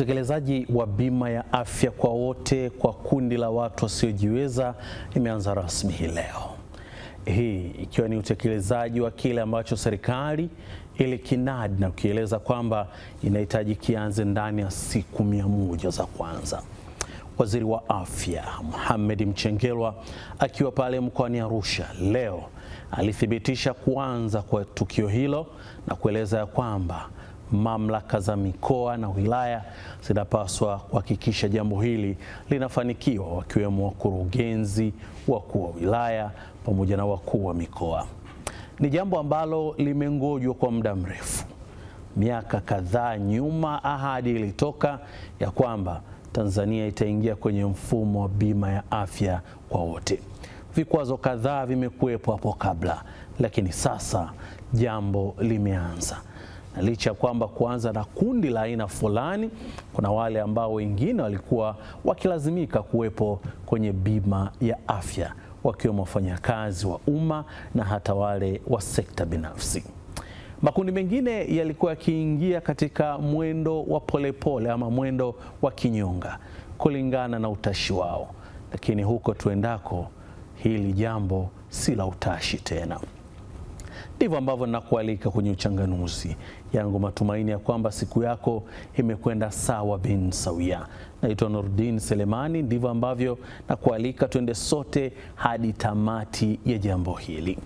Utekelezaji wa bima ya afya kwa wote kwa kundi la watu wasiojiweza imeanza rasmi hii leo, hii ikiwa ni utekelezaji wa kile ambacho serikali ilikinadi na kukieleza kwamba inahitaji kianze ndani ya siku mia moja za kwanza. Waziri wa Afya Mohamed Mchengerwa akiwa pale mkoani Arusha leo alithibitisha kuanza kwa tukio hilo na kueleza ya kwamba mamlaka za mikoa na wilaya zinapaswa kuhakikisha jambo hili linafanikiwa, wakiwemo wakurugenzi, wakuu wa wilaya pamoja na wakuu wa mikoa. Ni jambo ambalo limengojwa kwa muda mrefu. Miaka kadhaa nyuma, ahadi ilitoka ya kwamba Tanzania itaingia kwenye mfumo wa bima ya afya kwa wote. Vikwazo kadhaa vimekuwepo hapo kabla, lakini sasa jambo limeanza na licha ya kwamba kuanza na kundi la aina fulani, kuna wale ambao wengine walikuwa wakilazimika kuwepo kwenye bima ya afya, wakiwemo wafanyakazi wa umma na hata wale wa sekta binafsi. Makundi mengine yalikuwa yakiingia katika mwendo wa polepole ama mwendo wa kinyonga kulingana na utashi wao, lakini huko tuendako hili jambo si la utashi tena. Ndivyo ambavyo nakualika kwenye uchanganuzi yangu matumaini ya kwamba siku yako imekwenda sawa bin sawia. Naitwa Nurdin Selemani, ndivyo ambavyo na kualika sote hadi tamati ya jambo hili.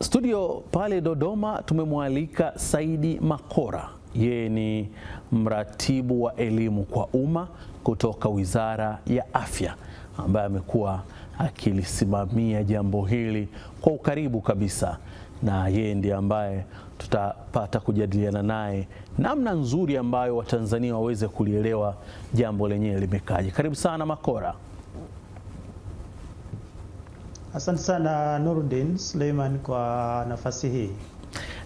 Studio pale Dodoma tumemwalika Saidi Makora, yeye ni mratibu wa elimu kwa umma kutoka Wizara ya Afya ambaye amekuwa akilisimamia jambo hili kwa ukaribu kabisa, na yeye ndiye ambaye tutapata kujadiliana naye namna nzuri ambayo Watanzania waweze kulielewa jambo lenyewe limekaje. Karibu sana Makora. Asante sana Nurdin Suleiman kwa nafasi hii.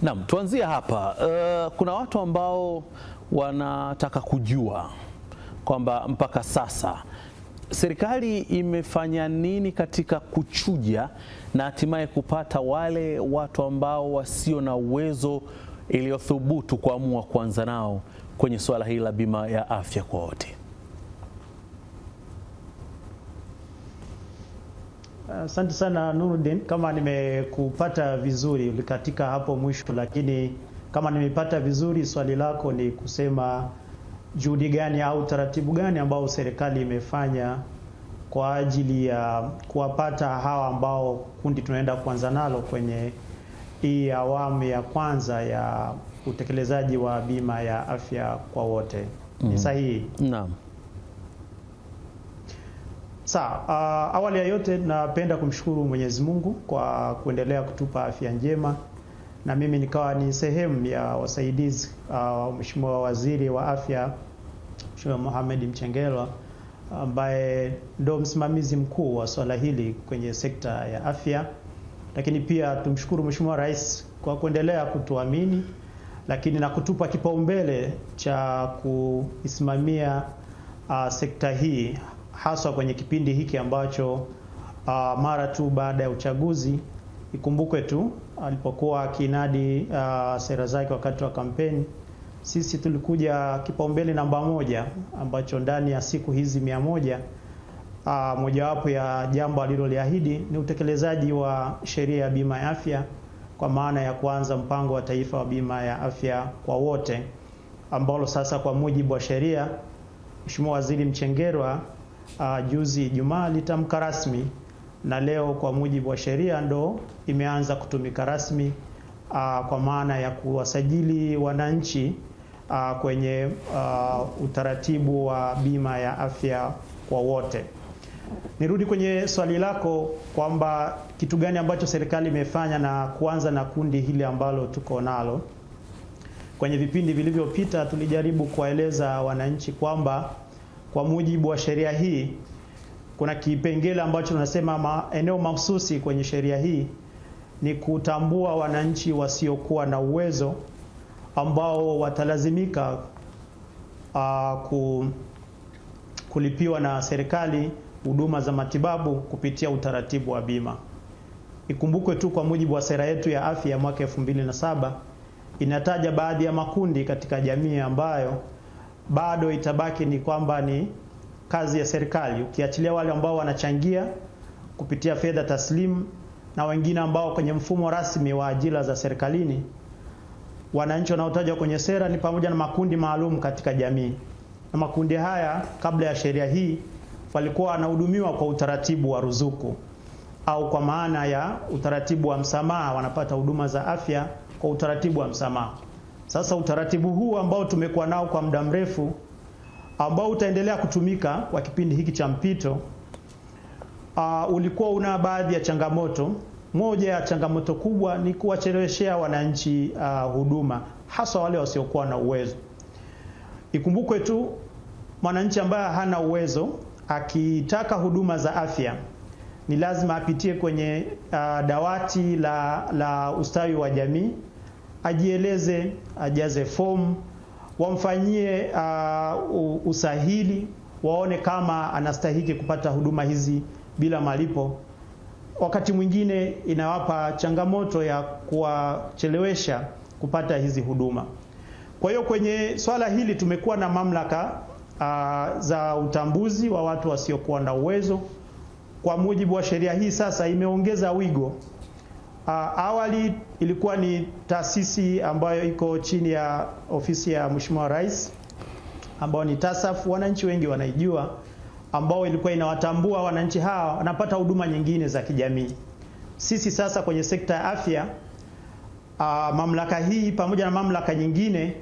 Naam, tuanzie hapa. Uh, kuna watu ambao wanataka kujua kwamba mpaka sasa serikali imefanya nini katika kuchuja na hatimaye kupata wale watu ambao wasio na uwezo iliyothubutu kuamua kuanza nao kwenye suala hili la bima ya afya kwa wote? Asante uh, sana Nurudin, kama nimekupata vizuri katika hapo mwisho, lakini kama nimepata vizuri swali lako ni kusema juhudi gani au taratibu gani ambao serikali imefanya kwa ajili ya kuwapata hawa ambao kundi tunaenda kuanza nalo kwenye hii awamu ya kwanza ya utekelezaji wa bima ya afya kwa wote mm. Ni mhm. sahihi? Naam. Sawa. Uh, awali ya yote napenda kumshukuru Mwenyezi Mungu kwa kuendelea kutupa afya njema na mimi nikawa ni sehemu ya wasaidizi uh, Mheshimiwa Waziri wa Afya Mheshimiwa Mohamed Mchengerwa ambaye ndo msimamizi mkuu wa swala hili kwenye sekta ya afya. Lakini pia tumshukuru Mheshimiwa Rais kwa kuendelea kutuamini, lakini na kutupa kipaumbele cha kuisimamia uh, sekta hii haswa kwenye kipindi hiki ambacho uh, mara tu baada ya uchaguzi. Ikumbukwe tu alipokuwa akinadi uh, sera zake wakati wa kampeni, sisi tulikuja kipaumbele namba moja ambacho ndani ya siku hizi mia moja uh, mojawapo ya jambo aliloliahidi ni utekelezaji wa sheria ya bima ya afya kwa maana ya kuanza mpango wa taifa wa bima ya afya kwa wote ambalo sasa kwa mujibu wa sheria Mheshimiwa Waziri Mchengerwa uh, juzi Ijumaa alitamka rasmi na leo kwa mujibu wa sheria ndo imeanza kutumika rasmi aa, ah, kwa maana ya kuwasajili wananchi aa, ah, kwenye aa, ah, utaratibu wa bima ya afya kwa wote. Nirudi kwenye swali lako kwamba kitu gani ambacho serikali imefanya na kuanza na kundi hili ambalo tuko nalo. Kwenye vipindi vilivyopita tulijaribu kuwaeleza wananchi kwamba kwa mujibu wa sheria hii kuna kipengele ambacho tunasema maeneo mahususi kwenye sheria hii ni kutambua wananchi wasiokuwa na uwezo ambao watalazimika uh, kulipiwa na serikali huduma za matibabu kupitia utaratibu wa bima. Ikumbukwe tu kwa mujibu wa sera yetu ya afya ya mwaka 2007 inataja baadhi ya makundi katika jamii ambayo bado itabaki ni kwamba ni kazi ya serikali, ukiachilia wale ambao wanachangia kupitia fedha taslimu na wengine ambao kwenye mfumo rasmi wa ajira za serikalini. Wananchi wanaotajwa kwenye sera ni pamoja na makundi maalum katika jamii, na makundi haya kabla ya sheria hii walikuwa wanahudumiwa kwa utaratibu wa ruzuku au kwa maana ya utaratibu wa msamaha, wanapata huduma za afya kwa utaratibu wa msamaha. Sasa utaratibu huu ambao tumekuwa nao kwa muda mrefu ambao utaendelea kutumika kwa kipindi hiki cha mpito uh, ulikuwa una baadhi ya changamoto. Moja ya changamoto kubwa ni kuwacheleweshea wananchi uh, huduma hasa wale wasiokuwa na uwezo. Ikumbukwe tu mwananchi ambaye hana uwezo akitaka huduma za afya ni lazima apitie kwenye uh, dawati la, la ustawi wa jamii, ajieleze, ajaze fomu wamfanyie uh, usahili, waone kama anastahiki kupata huduma hizi bila malipo. Wakati mwingine inawapa changamoto ya kuwachelewesha kupata hizi huduma. Kwa hiyo kwenye swala hili tumekuwa na mamlaka uh, za utambuzi wa watu wasiokuwa na uwezo. Kwa mujibu wa sheria hii sasa imeongeza wigo Uh, awali ilikuwa ni taasisi ambayo iko chini ya ofisi ya Mheshimiwa Rais ambao ni TASAF, wananchi wengi wanaijua, ambao ilikuwa inawatambua wananchi hawa wanapata huduma nyingine za kijamii. Sisi sasa kwenye sekta ya afya uh, mamlaka hii pamoja na mamlaka nyingine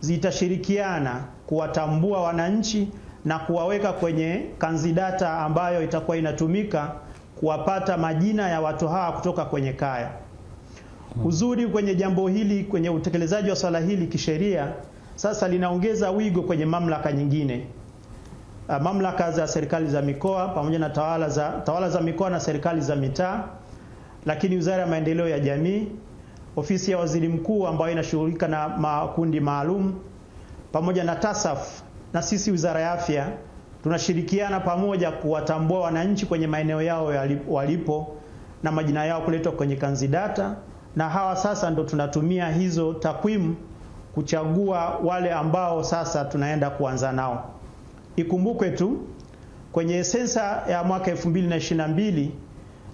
zitashirikiana kuwatambua wananchi na kuwaweka kwenye kanzidata ambayo itakuwa inatumika kuwapata majina ya watu hawa kutoka kwenye kaya. Uzuri kwenye jambo hili, kwenye utekelezaji wa swala hili kisheria, sasa linaongeza wigo kwenye mamlaka nyingine, ah, mamlaka za serikali za mikoa pamoja na tawala za, tawala za mikoa na serikali za mitaa, lakini wizara ya maendeleo ya jamii, ofisi ya waziri mkuu ambayo inashughulika na makundi maalum, pamoja na TASAF na sisi wizara ya afya tunashirikiana pamoja kuwatambua wananchi kwenye maeneo yao walipo na majina yao kuletwa kwenye kanzidata, na hawa sasa ndo tunatumia hizo takwimu kuchagua wale ambao sasa tunaenda kuanza nao. Ikumbukwe tu kwenye sensa ya mwaka 2022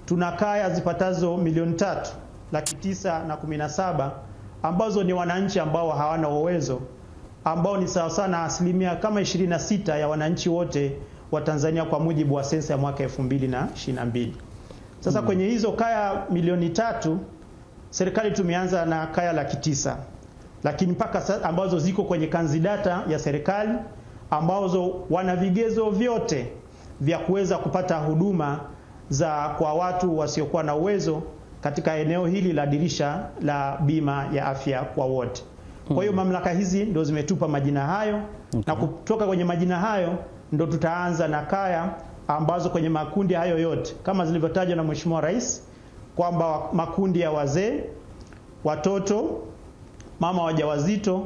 tuna kaya zipatazo milioni tatu laki tisa na kumi na saba ambazo ni wananchi ambao hawana uwezo ambao ni sawa na asilimia kama 26 ya wananchi wote wa Tanzania kwa mujibu wa sensa ya mwaka 2022. Sasa mm. kwenye hizo kaya milioni tatu serikali tumeanza na kaya laki tisa lakini mpaka ambazo ziko kwenye kanzidata ya serikali ambazo wana vigezo vyote vya kuweza kupata huduma za kwa watu wasiokuwa na uwezo katika eneo hili la dirisha la bima ya afya kwa wote. Kwa hiyo mm. mamlaka hizi ndo zimetupa majina hayo okay. Na kutoka kwenye majina hayo ndo tutaanza na kaya ambazo kwenye makundi hayo yote kama zilivyotajwa na Mheshimiwa Rais kwamba makundi ya wazee, watoto, mama wajawazito,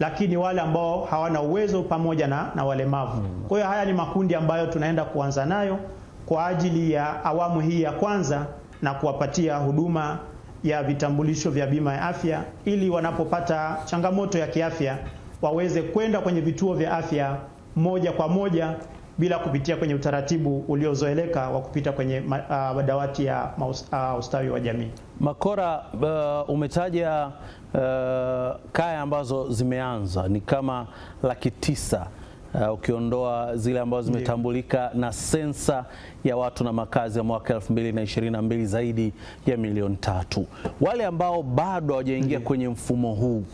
lakini wale ambao hawana uwezo pamoja na, na walemavu. Mm. Kwa hiyo haya ni makundi ambayo tunaenda kuanza nayo kwa ajili ya awamu hii ya kwanza na kuwapatia huduma ya vitambulisho vya bima ya afya ili wanapopata changamoto ya kiafya waweze kwenda kwenye vituo vya afya moja kwa moja bila kupitia kwenye utaratibu uliozoeleka wa kupita kwenye uh, ah, dawati ya uh, ustawi wa jamii. Makora, uh, umetaja uh, kaya ambazo zimeanza ni kama laki tisa Uh, ukiondoa zile ambazo zimetambulika yeah, na sensa ya watu na makazi ya mwaka 2022 zaidi ya milioni tatu. Wale ambao bado hawajaingia yeah, kwenye mfumo huu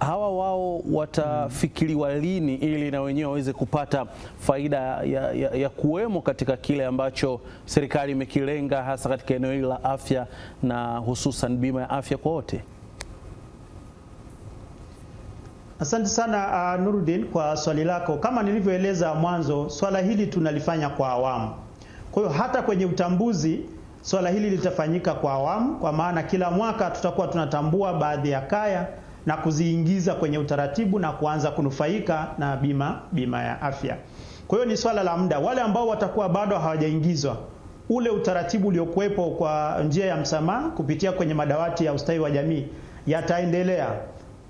hawa wao watafikiriwa mm. lini ili na wenyewe waweze kupata faida ya, ya, ya kuwemo katika kile ambacho serikali imekilenga hasa katika eneo hili la afya na hususan bima ya afya kwa wote? Asante sana uh, Nurudin kwa swali lako. Kama nilivyoeleza mwanzo, swala hili tunalifanya kwa awamu. Kwa hiyo hata kwenye utambuzi swala hili litafanyika kwa awamu, kwa maana kila mwaka tutakuwa tunatambua baadhi ya kaya na kuziingiza kwenye utaratibu na kuanza kunufaika na bima bima ya afya. Kwa hiyo ni swala la muda. Wale ambao watakuwa bado hawajaingizwa, ule utaratibu uliokuwepo kwa njia ya msamaha kupitia kwenye madawati ya ustawi wa jamii yataendelea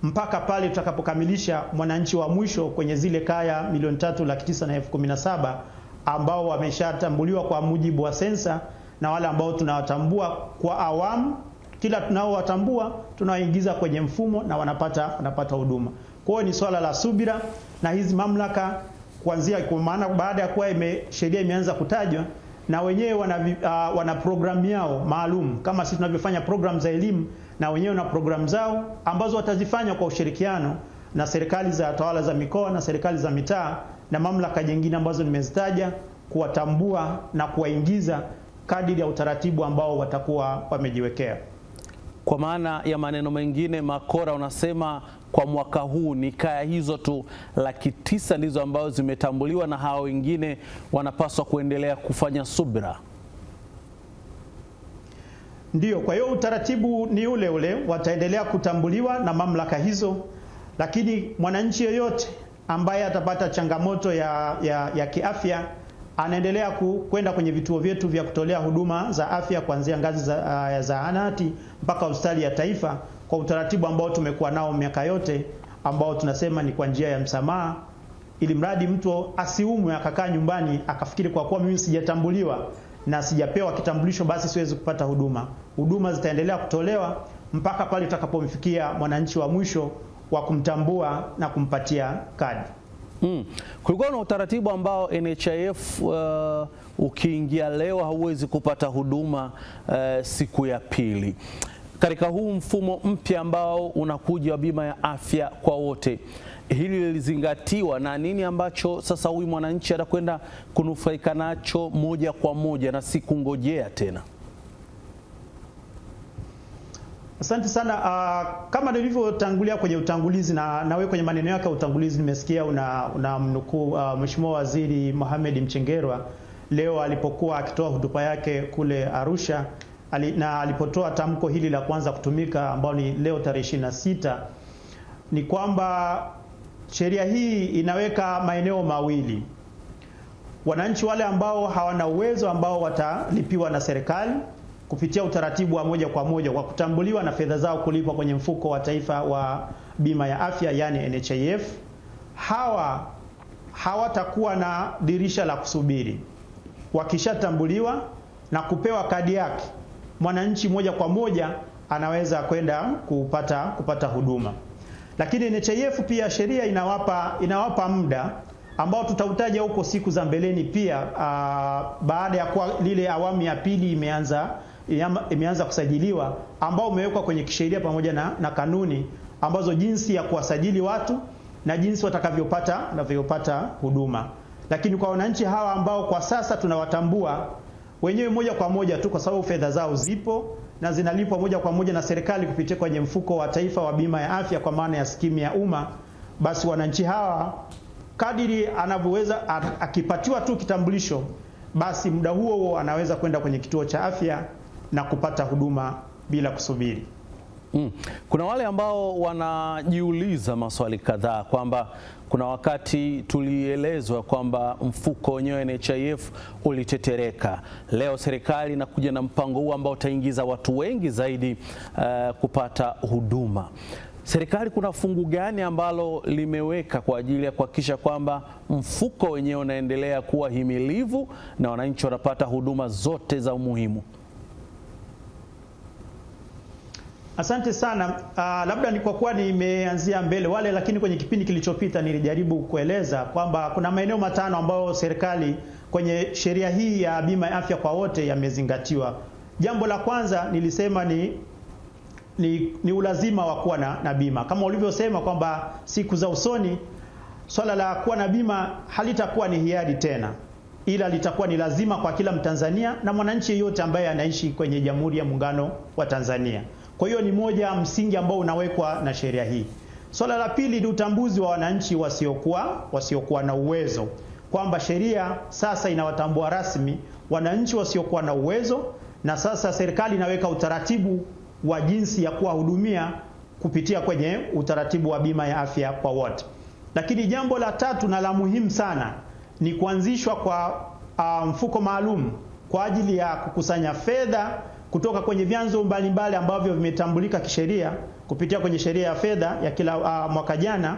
mpaka pale tutakapokamilisha mwananchi wa mwisho kwenye zile kaya milioni tatu laki tisa na elfu kumi na saba ambao wameshatambuliwa kwa mujibu wa sensa na wale ambao tunawatambua kwa awamu, kila tunaowatambua tunawaingiza kwenye mfumo na wanapata wanapata huduma. Kwa hiyo ni swala la subira na hizi mamlaka kuanzia, kwa maana baada ya kuwa ime, sheria imeanza kutajwa na wenyewe wana, uh, wana programu yao maalum kama sisi tunavyofanya programu za elimu na wenyewe na programu zao ambazo watazifanya kwa ushirikiano na serikali za tawala za mikoa na serikali za mitaa na mamlaka nyingine ambazo nimezitaja, kuwatambua na kuwaingiza kadiri ya utaratibu ambao watakuwa wamejiwekea. Kwa maana ya maneno mengine, Makora unasema kwa mwaka huu ni kaya hizo tu laki tisa ndizo ambazo zimetambuliwa na hao wengine wanapaswa kuendelea kufanya subira. Ndiyo, kwa hiyo utaratibu ni ule ule, wataendelea kutambuliwa na mamlaka hizo, lakini mwananchi yeyote ambaye atapata changamoto ya, ya, ya kiafya anaendelea kwenda kwenye vituo vyetu vya kutolea huduma za afya kuanzia ngazi za, ya zahanati mpaka hospitali ya taifa kwa utaratibu ambao tumekuwa nao miaka yote ambao tunasema ni kwa njia ya msamaha, ili mradi mtu asiumwe akakaa nyumbani akafikiri kwa kuwa mimi sijatambuliwa na sijapewa kitambulisho, basi siwezi kupata huduma. Huduma zitaendelea kutolewa mpaka pale utakapomfikia mwananchi wa mwisho wa kumtambua na kumpatia kadi. Mm. Kulikuwa na utaratibu ambao NHIF uh, ukiingia leo hauwezi kupata huduma uh, siku ya pili. Katika huu mfumo mpya ambao unakuja wa bima ya afya kwa wote hili lilizingatiwa na nini ambacho sasa huyu mwananchi atakwenda kunufaika nacho moja kwa moja na si kungojea tena? Asante sana. Uh, kama nilivyotangulia kwenye utangulizi na nawe kwenye maneno yake ya utangulizi nimesikia una, una mnukuu uh, Mheshimiwa Waziri Mohamed Mchengerwa leo alipokuwa akitoa hotuba yake kule Arusha ali, na alipotoa tamko hili la kwanza kutumika ambao ni leo tarehe 26 ni kwamba Sheria hii inaweka maeneo mawili: wananchi wale ambao hawana uwezo, ambao watalipiwa na serikali kupitia utaratibu wa moja kwa moja wa kutambuliwa na fedha zao kulipwa kwenye mfuko wa taifa wa bima ya afya, yani NHIF. Hawa hawatakuwa na dirisha la kusubiri. Wakishatambuliwa na kupewa kadi yake, mwananchi moja kwa moja anaweza kwenda kupata, kupata huduma. Lakini NHIF pia sheria inawapa inawapa muda ambao tutautaja huko siku za mbeleni pia aa, ah, baada ya kuwa lile awamu ya pili imeanza imeanza kusajiliwa ambao umewekwa kwenye kisheria pamoja na, na kanuni ambazo jinsi ya kuwasajili watu na jinsi watakavyopata wanavyopata huduma. Lakini kwa wananchi hawa ambao kwa sasa tunawatambua wenyewe moja kwa moja tu, kwa sababu fedha zao zipo na zinalipwa moja kwa moja na serikali kupitia kwenye mfuko wa taifa wa bima ya afya kwa maana ya skimu ya umma, basi wananchi hawa kadiri anavyoweza akipatiwa tu kitambulisho, basi muda huo huo anaweza kwenda kwenye kituo cha afya na kupata huduma bila kusubiri. Mm. Kuna wale ambao wanajiuliza maswali kadhaa kwamba kuna wakati tulielezwa kwamba mfuko wenyewe NHIF ulitetereka. Leo serikali inakuja na mpango huu ambao utaingiza watu wengi zaidi uh, kupata huduma. Serikali kuna fungu gani ambalo limeweka kwa ajili ya kuhakikisha kwamba mfuko wenyewe unaendelea kuwa himilivu na wananchi wanapata huduma zote za umuhimu? Asante sana. Uh, labda ni kwa kuwa nimeanzia mbele wale, lakini kwenye kipindi kilichopita nilijaribu kueleza kwamba kuna maeneo matano ambayo serikali kwenye sheria hii ya bima ya afya kwa wote yamezingatiwa. Jambo la kwanza nilisema ni ni, ni ulazima wa kuwa na, na bima kama ulivyosema kwamba siku za usoni swala la kuwa na bima halitakuwa ni hiari tena, ila litakuwa ni lazima kwa kila Mtanzania na mwananchi yeyote ambaye anaishi kwenye Jamhuri ya Muungano wa Tanzania. Kwa hiyo ni moja msingi ambao unawekwa na sheria hii. Swala la pili ni utambuzi wa wananchi wasiokuwa wasiokuwa na uwezo, kwamba sheria sasa inawatambua rasmi wananchi wasiokuwa na uwezo, na sasa serikali inaweka utaratibu wa jinsi ya kuwahudumia kupitia kwenye utaratibu wa bima ya afya kwa wote. Lakini jambo la tatu na la muhimu sana ni kuanzishwa kwa uh, mfuko maalum kwa ajili ya kukusanya fedha kutoka kwenye vyanzo mbalimbali ambavyo vimetambulika kisheria kupitia kwenye sheria ya fedha ya kila uh, mwaka jana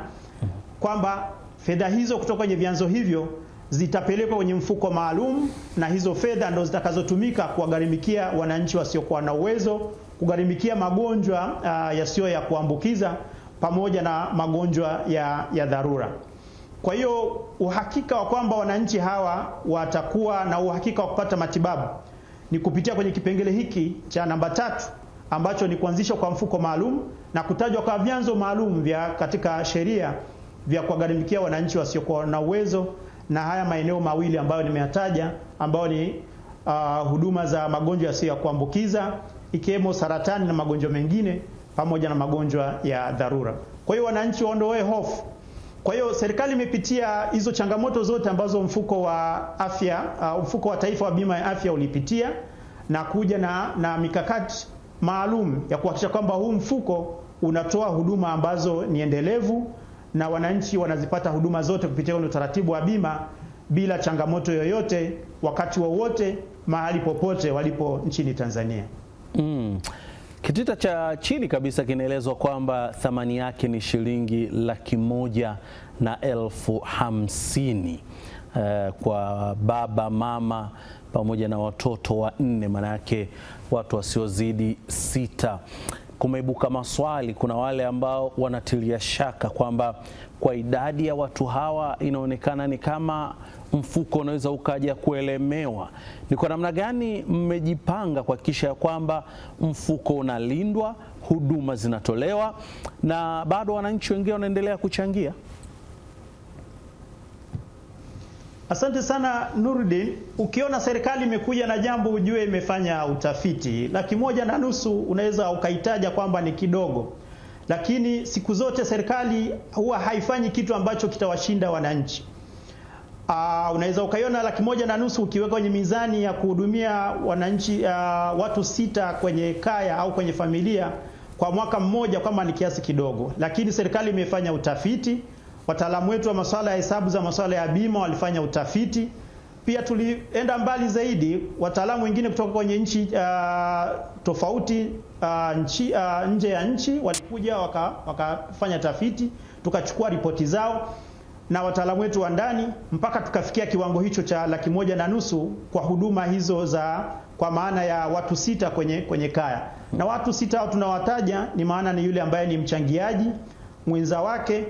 kwamba fedha hizo kutoka kwenye vyanzo hivyo zitapelekwa kwenye mfuko maalum, na hizo fedha ndo zitakazotumika kuwagharimikia wananchi wasiokuwa na uwezo, kugharimikia magonjwa uh, yasiyo ya kuambukiza pamoja na magonjwa ya, ya dharura. Kwa hiyo uhakika wa kwamba wananchi hawa watakuwa na uhakika wa kupata matibabu ni kupitia kwenye kipengele hiki cha namba tatu ambacho ni kuanzishwa kwa mfuko maalum na kutajwa kwa vyanzo maalum vya katika sheria vya kuwagharimikia wananchi wasiokuwa na uwezo na haya maeneo mawili ambayo nimeyataja ambayo ni uh, huduma za magonjwa yasiyo ya kuambukiza ikiwemo saratani na magonjwa mengine pamoja na magonjwa ya dharura. Kwa hiyo wananchi waondoe hofu kwa hiyo serikali imepitia hizo changamoto zote ambazo mfuko wa afya uh, mfuko wa taifa wa bima ya afya ulipitia na kuja na, na mikakati maalum ya kuhakikisha kwamba huu mfuko unatoa huduma ambazo ni endelevu na wananchi wanazipata huduma zote kupitia ule utaratibu wa bima bila changamoto yoyote wakati wowote wa mahali popote walipo nchini Tanzania. Mm. Kitita cha chini kabisa kinaelezwa kwamba thamani yake ni shilingi laki moja na elfu hamsini uh, kwa baba mama pamoja na watoto wanne, maana yake watu wasiozidi sita. Kumeibuka maswali, kuna wale ambao wanatilia shaka kwamba kwa idadi ya watu hawa inaonekana ni kama mfuko unaweza ukaja kuelemewa. Ni kwa namna gani mmejipanga kuhakikisha ya kwamba mfuko unalindwa, huduma zinatolewa na bado wananchi wengine wanaendelea kuchangia? Asante sana nurdin Ukiona serikali imekuja na jambo ujue imefanya utafiti. Laki moja na nusu unaweza ukaitaja kwamba ni kidogo, lakini siku zote serikali huwa haifanyi kitu ambacho kitawashinda wananchi. Uh, unaweza ukaiona laki moja na nusu ukiweka kwenye mizani ya kuhudumia wananchi uh, watu sita kwenye kaya au kwenye familia kwa mwaka mmoja, kama ni kiasi kidogo, lakini serikali imefanya utafiti. Wataalamu wetu wa masuala ya hesabu za masuala ya bima walifanya utafiti pia. Tulienda mbali zaidi, wataalamu wengine kutoka kwenye nchi uh, tofauti uh, nchi, uh, nje ya nchi walikuja wakafanya waka tafiti, tukachukua ripoti zao na wataalamu wetu wa ndani mpaka tukafikia kiwango hicho cha laki moja na nusu kwa huduma hizo za kwa maana ya watu sita kwenye, kwenye kaya. Na watu sita tunawataja ni maana ni yule ambaye ni mchangiaji mwenza wake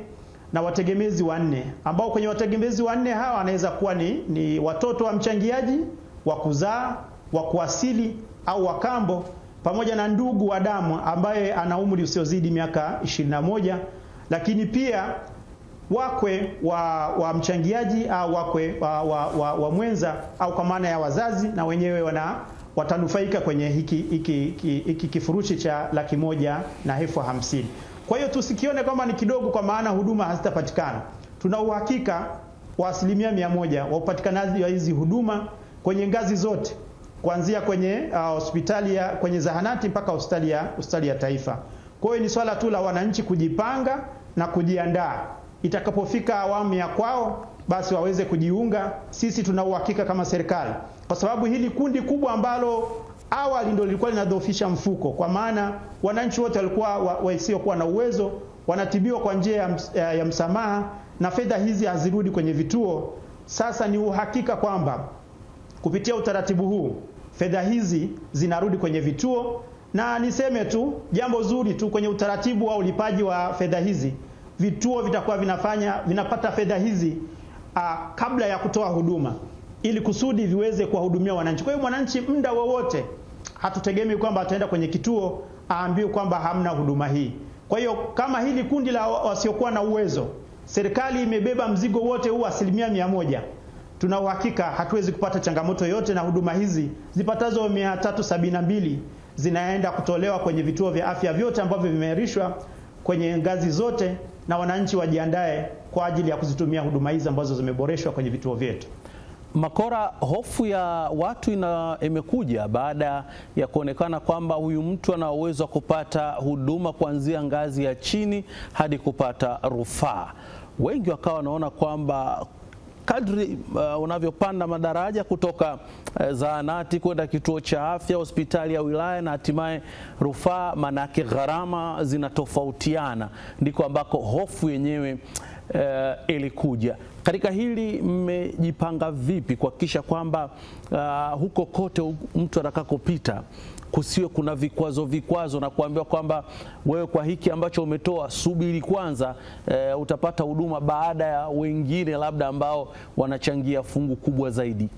na wategemezi wanne, ambao kwenye wategemezi wanne hawa anaweza kuwa ni, ni watoto wa mchangiaji wa kuzaa, wa kuasili au wakambo, pamoja na ndugu wa damu ambaye ana umri usiozidi miaka 21 lakini pia wakwe wa, wa mchangiaji au wakwe wa, wa, wa, wa mwenza au kwa maana ya wazazi na wenyewe wana watanufaika kwenye hiki, hiki, hiki, hiki kifurushi cha laki moja na elfu hamsini. Kwa hiyo tusikione kwamba ni kidogo, kwa maana huduma hazitapatikana. Tuna uhakika wa asilimia mia moja wa upatikanaji wa hizi huduma kwenye ngazi zote kuanzia kwenye uh, hospitali ya kwenye zahanati mpaka hospitali ya hospitali ya taifa. Kwa hiyo ni swala tu la wananchi kujipanga na kujiandaa itakapofika awamu ya kwao basi waweze kujiunga. Sisi tuna uhakika kama serikali, kwa sababu hili kundi kubwa ambalo awali ndio lilikuwa linadhoofisha mfuko, kwa maana wananchi wote walikuwa wasiokuwa na uwezo wanatibiwa kwa njia ya msamaha na fedha hizi hazirudi kwenye vituo. Sasa ni uhakika kwamba kupitia utaratibu huu fedha hizi zinarudi kwenye vituo, na niseme tu jambo zuri tu kwenye utaratibu wa ulipaji wa fedha hizi vituo vitakuwa vinafanya vinapata fedha hizi a, ah, kabla ya kutoa huduma ili kusudi viweze kuwahudumia wananchi. Kwa hiyo mwananchi muda wowote hatutegemei kwamba ataenda kwenye kituo aambiwe kwamba hamna huduma hii. Kwa hiyo kama hili kundi la wasiokuwa na uwezo, serikali imebeba mzigo wote huu asilimia mia moja, tuna uhakika hatuwezi kupata changamoto yote, na huduma hizi zipatazo mia tatu sabini na mbili zinaenda kutolewa kwenye vituo vya afya vyote ambavyo vimeairishwa kwenye ngazi zote na wananchi wajiandae kwa ajili ya kuzitumia huduma hizi ambazo zimeboreshwa kwenye vituo vyetu. Makora, hofu ya watu ina imekuja baada ya kuonekana kwamba huyu mtu ana uwezo wa kupata huduma kuanzia ngazi ya chini hadi kupata rufaa. Wengi wakawa wanaona kwamba kadri uh, unavyopanda madaraja kutoka uh, zahanati kwenda kituo cha afya, hospitali ya wilaya na hatimaye rufaa, manake gharama zinatofautiana, ndiko ambako hofu yenyewe uh, ilikuja. Katika hili mmejipanga vipi kuhakikisha kwamba uh, huko kote mtu atakakopita kusiwe kuna vikwazo vikwazo na kuambiwa kwamba wewe kwa hiki ambacho umetoa subiri kwanza, e, utapata huduma baada ya wengine labda ambao wanachangia fungu kubwa zaidi.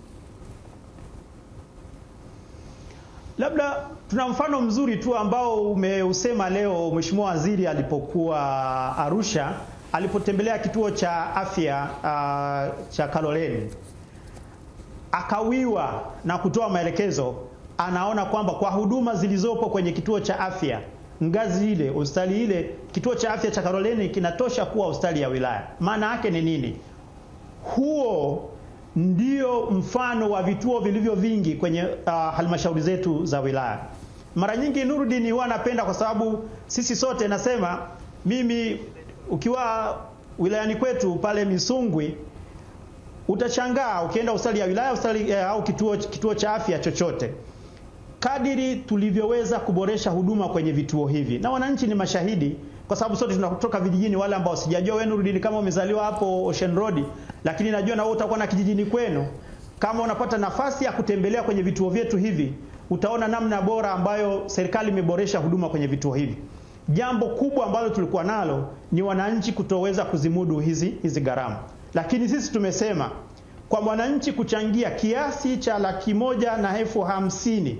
Labda tuna mfano mzuri tu ambao umeusema leo, Mheshimiwa Waziri alipokuwa Arusha alipotembelea kituo cha afya uh, cha Kaloleni akawiwa na kutoa maelekezo anaona kwamba kwa huduma zilizopo kwenye kituo cha afya ngazi ile hospitali ile, kituo cha afya cha Karoleni kinatosha kuwa hospitali ya wilaya. Maana yake ni nini? Huo ndio mfano wa vituo vilivyo vingi kwenye uh, halmashauri zetu za wilaya. Mara nyingi Nurudini huwa anapenda kwa sababu sisi sote nasema mimi, ukiwa wilayani kwetu pale Misungwi utashangaa ukienda hospitali ya wilaya hospitali eh, au kituo, kituo cha afya chochote kadiri tulivyoweza kuboresha huduma kwenye vituo hivi, na wananchi ni mashahidi, kwa sababu sote tunatoka vijijini. Wale ambao sijajua wenu rudini, kama umezaliwa hapo Ocean Road, lakini najua na wewe utakuwa na kijijini kwenu. Kama unapata nafasi ya kutembelea kwenye vituo vyetu hivi, utaona namna bora ambayo serikali imeboresha huduma kwenye vituo hivi. Jambo kubwa ambalo tulikuwa nalo ni wananchi kutoweza kuzimudu hizi hizi gharama, lakini sisi tumesema kwa mwananchi kuchangia kiasi cha laki moja na elfu hamsini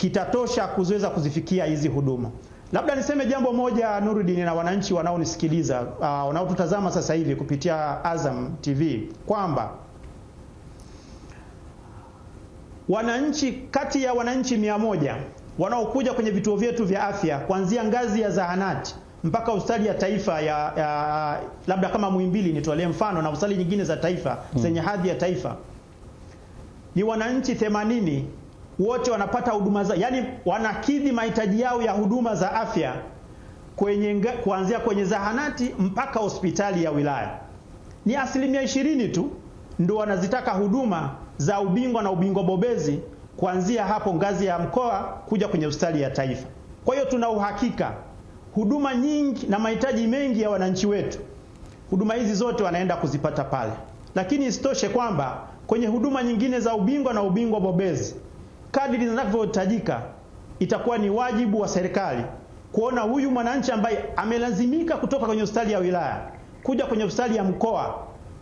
kitatosha kuziweza kuzifikia hizi huduma. Labda niseme jambo moja Nuruddin, na wananchi wanaonisikiliza uh, wanaotutazama sasa hivi kupitia Azam TV kwamba wananchi kati ya wananchi mia moja wanaokuja kwenye vituo vyetu vya afya kuanzia ngazi ya zahanati mpaka hospitali ya taifa ya, ya labda kama Muhimbili nitolee mfano na hospitali nyingine za taifa hmm, zenye hadhi ya taifa ni wananchi wote wanapata huduma za, yani wanakidhi mahitaji yao ya huduma za afya kwenye, kuanzia kwenye zahanati mpaka hospitali ya wilaya. Ni asilimia ishirini tu ndio wanazitaka huduma za ubingwa na ubingwa bobezi kuanzia hapo ngazi ya mkoa kuja kwenye hospitali ya taifa. Kwa hiyo tuna uhakika huduma nyingi na mahitaji mengi ya wananchi wetu, huduma hizi zote wanaenda kuzipata pale, lakini isitoshe kwamba kwenye huduma nyingine za ubingwa na ubingwa bobezi kadri zinavyohitajika, itakuwa ni wajibu wa serikali kuona huyu mwananchi ambaye amelazimika kutoka kwenye hospitali ya wilaya kuja kwenye hospitali ya mkoa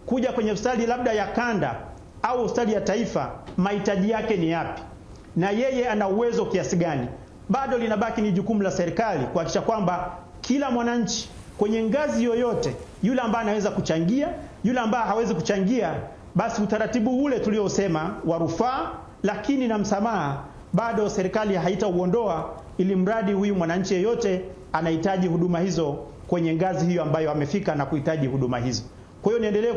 kuja kwenye hospitali labda ya kanda au hospitali ya taifa, mahitaji yake ni yapi na yeye ana uwezo kiasi gani. Bado linabaki ni jukumu la serikali kuhakikisha kwamba kila mwananchi kwenye ngazi yoyote, yule ambaye anaweza kuchangia, yule ambaye hawezi kuchangia, basi utaratibu ule tuliosema wa rufaa lakini na msamaha bado serikali haitauondoa, ili mradi huyu mwananchi yeyote anahitaji huduma hizo kwenye ngazi hiyo ambayo amefika na kuhitaji huduma hizo. Kwa hiyo niendelee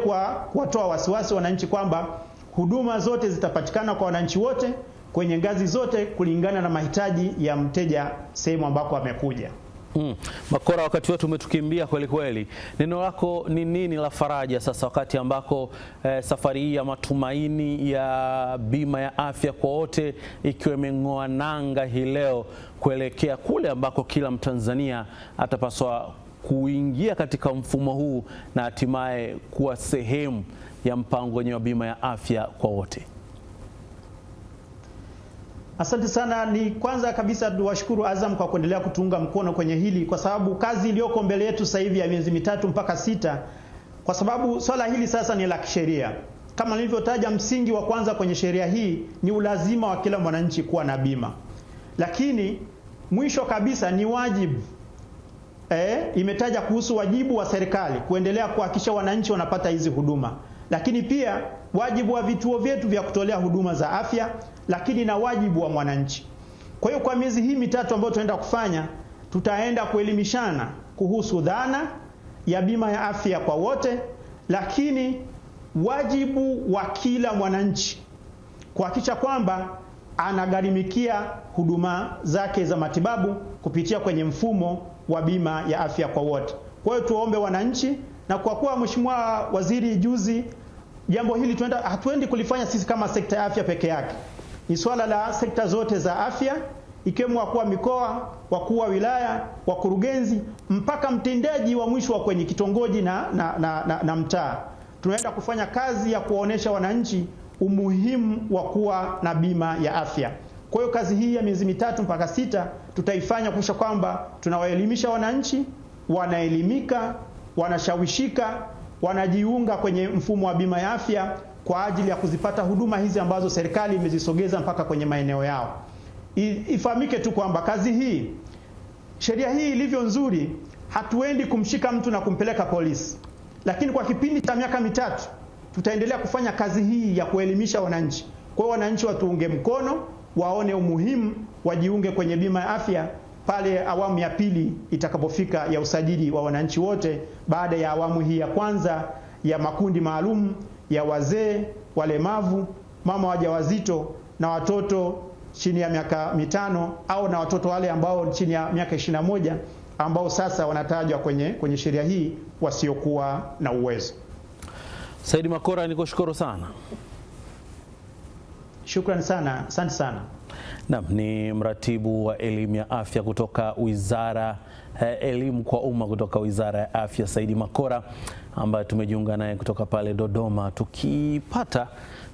kuwatoa wasiwasi wananchi kwamba huduma zote zitapatikana kwa wananchi wote kwenye ngazi zote kulingana na mahitaji ya mteja sehemu ambako amekuja. Mm. Makora, wakati wetu umetukimbia kweli kweli. Neno lako ni nini la faraja sasa wakati ambako eh, safari hii ya matumaini ya bima ya afya kwa wote ikiwa imeng'oa nanga hii leo kuelekea kule ambako kila Mtanzania atapaswa kuingia katika mfumo huu na hatimaye kuwa sehemu ya mpango wenyewe wa bima ya afya kwa wote? Asante sana. Ni kwanza kabisa tuwashukuru Azam kwa kuendelea kutuunga mkono kwenye hili, kwa sababu kazi iliyoko mbele yetu sasa hivi ya miezi mitatu mpaka sita, kwa sababu swala hili sasa ni la kisheria. Kama nilivyotaja, msingi wa kwanza kwenye sheria hii ni ulazima wa kila mwananchi kuwa na bima, lakini mwisho kabisa ni wajibu eh, imetaja kuhusu wajibu wa serikali kuendelea kuhakikisha wananchi wanapata hizi huduma, lakini pia wajibu wa vituo vyetu vya kutolea huduma za afya, lakini na wajibu wa mwananchi. Kwa hiyo kwa miezi hii mitatu ambayo tunaenda kufanya, tutaenda kuelimishana kuhusu dhana ya bima ya afya kwa wote, lakini wajibu wa kila mwananchi kuhakikisha kwamba anagharimikia huduma zake za matibabu kupitia kwenye mfumo wa bima ya afya kwa wote. Kwa hiyo tuwaombe wananchi, na kwa kuwa Mheshimiwa Waziri juzi jambo hili tuenda, hatuendi kulifanya sisi kama sekta ya afya peke yake, ni swala la sekta zote za afya ikiwemo wakuu wa mikoa, wakuu wa wilaya, wakurugenzi mpaka mtendaji wa mwisho wa kwenye kitongoji na, na, na, na, na mtaa. Tunaenda kufanya kazi ya kuwaonyesha wananchi umuhimu wa kuwa na bima ya afya. Kwa hiyo kazi hii ya miezi mitatu mpaka sita tutaifanya kuhakikisha kwamba tunawaelimisha wananchi, wanaelimika, wanashawishika wanajiunga kwenye mfumo wa bima ya afya kwa ajili ya kuzipata huduma hizi ambazo serikali imezisogeza mpaka kwenye maeneo yao. Ifahamike tu kwamba kazi hii, sheria hii ilivyo nzuri, hatuendi kumshika mtu na kumpeleka polisi, lakini kwa kipindi cha miaka mitatu tutaendelea kufanya kazi hii ya kuelimisha wananchi. Kwa hiyo wananchi watuunge mkono, waone umuhimu, wajiunge kwenye bima ya afya pale awamu ya pili itakapofika ya usajili wa wananchi wote baada ya awamu hii ya kwanza ya makundi maalum ya wazee, walemavu, mama wajawazito na watoto chini ya miaka mitano au na watoto wale ambao chini ya miaka ishirini na moja ambao sasa wanatajwa kwenye, kwenye sheria hii wasiokuwa na uwezo. Saidi Makora, nikushukuru sana. Shukrani sana, asante sana. Naam, ni mratibu wa elimu ya afya kutoka wizara eh, elimu kwa umma kutoka wizara ya afya Saidi Makora ambaye tumejiunga naye kutoka pale Dodoma tukipata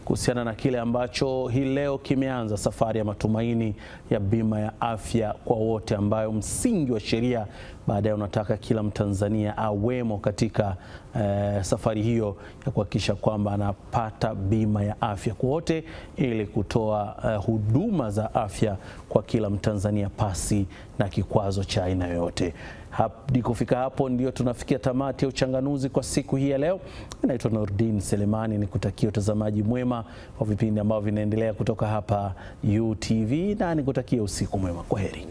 kuhusiana na kile ambacho hii leo kimeanza safari ya matumaini ya bima ya afya kwa wote ambayo msingi wa sheria baadaye unataka kila Mtanzania awemo katika eh, safari hiyo ya kuhakikisha kwamba anapata bima ya afya kwa wote ili kutoa eh, huduma za afya kwa kila Mtanzania pasi na kikwazo cha aina yoyote. Hadi kufika hapo, ndio tunafikia tamati ya uchanganuzi kwa siku hii ya leo. Naitwa Nurdin Selemani, ni kutakia utazamaji mwema wa vipindi ambavyo vinaendelea kutoka hapa UTV na nikutakia usiku mwema. Kwa heri.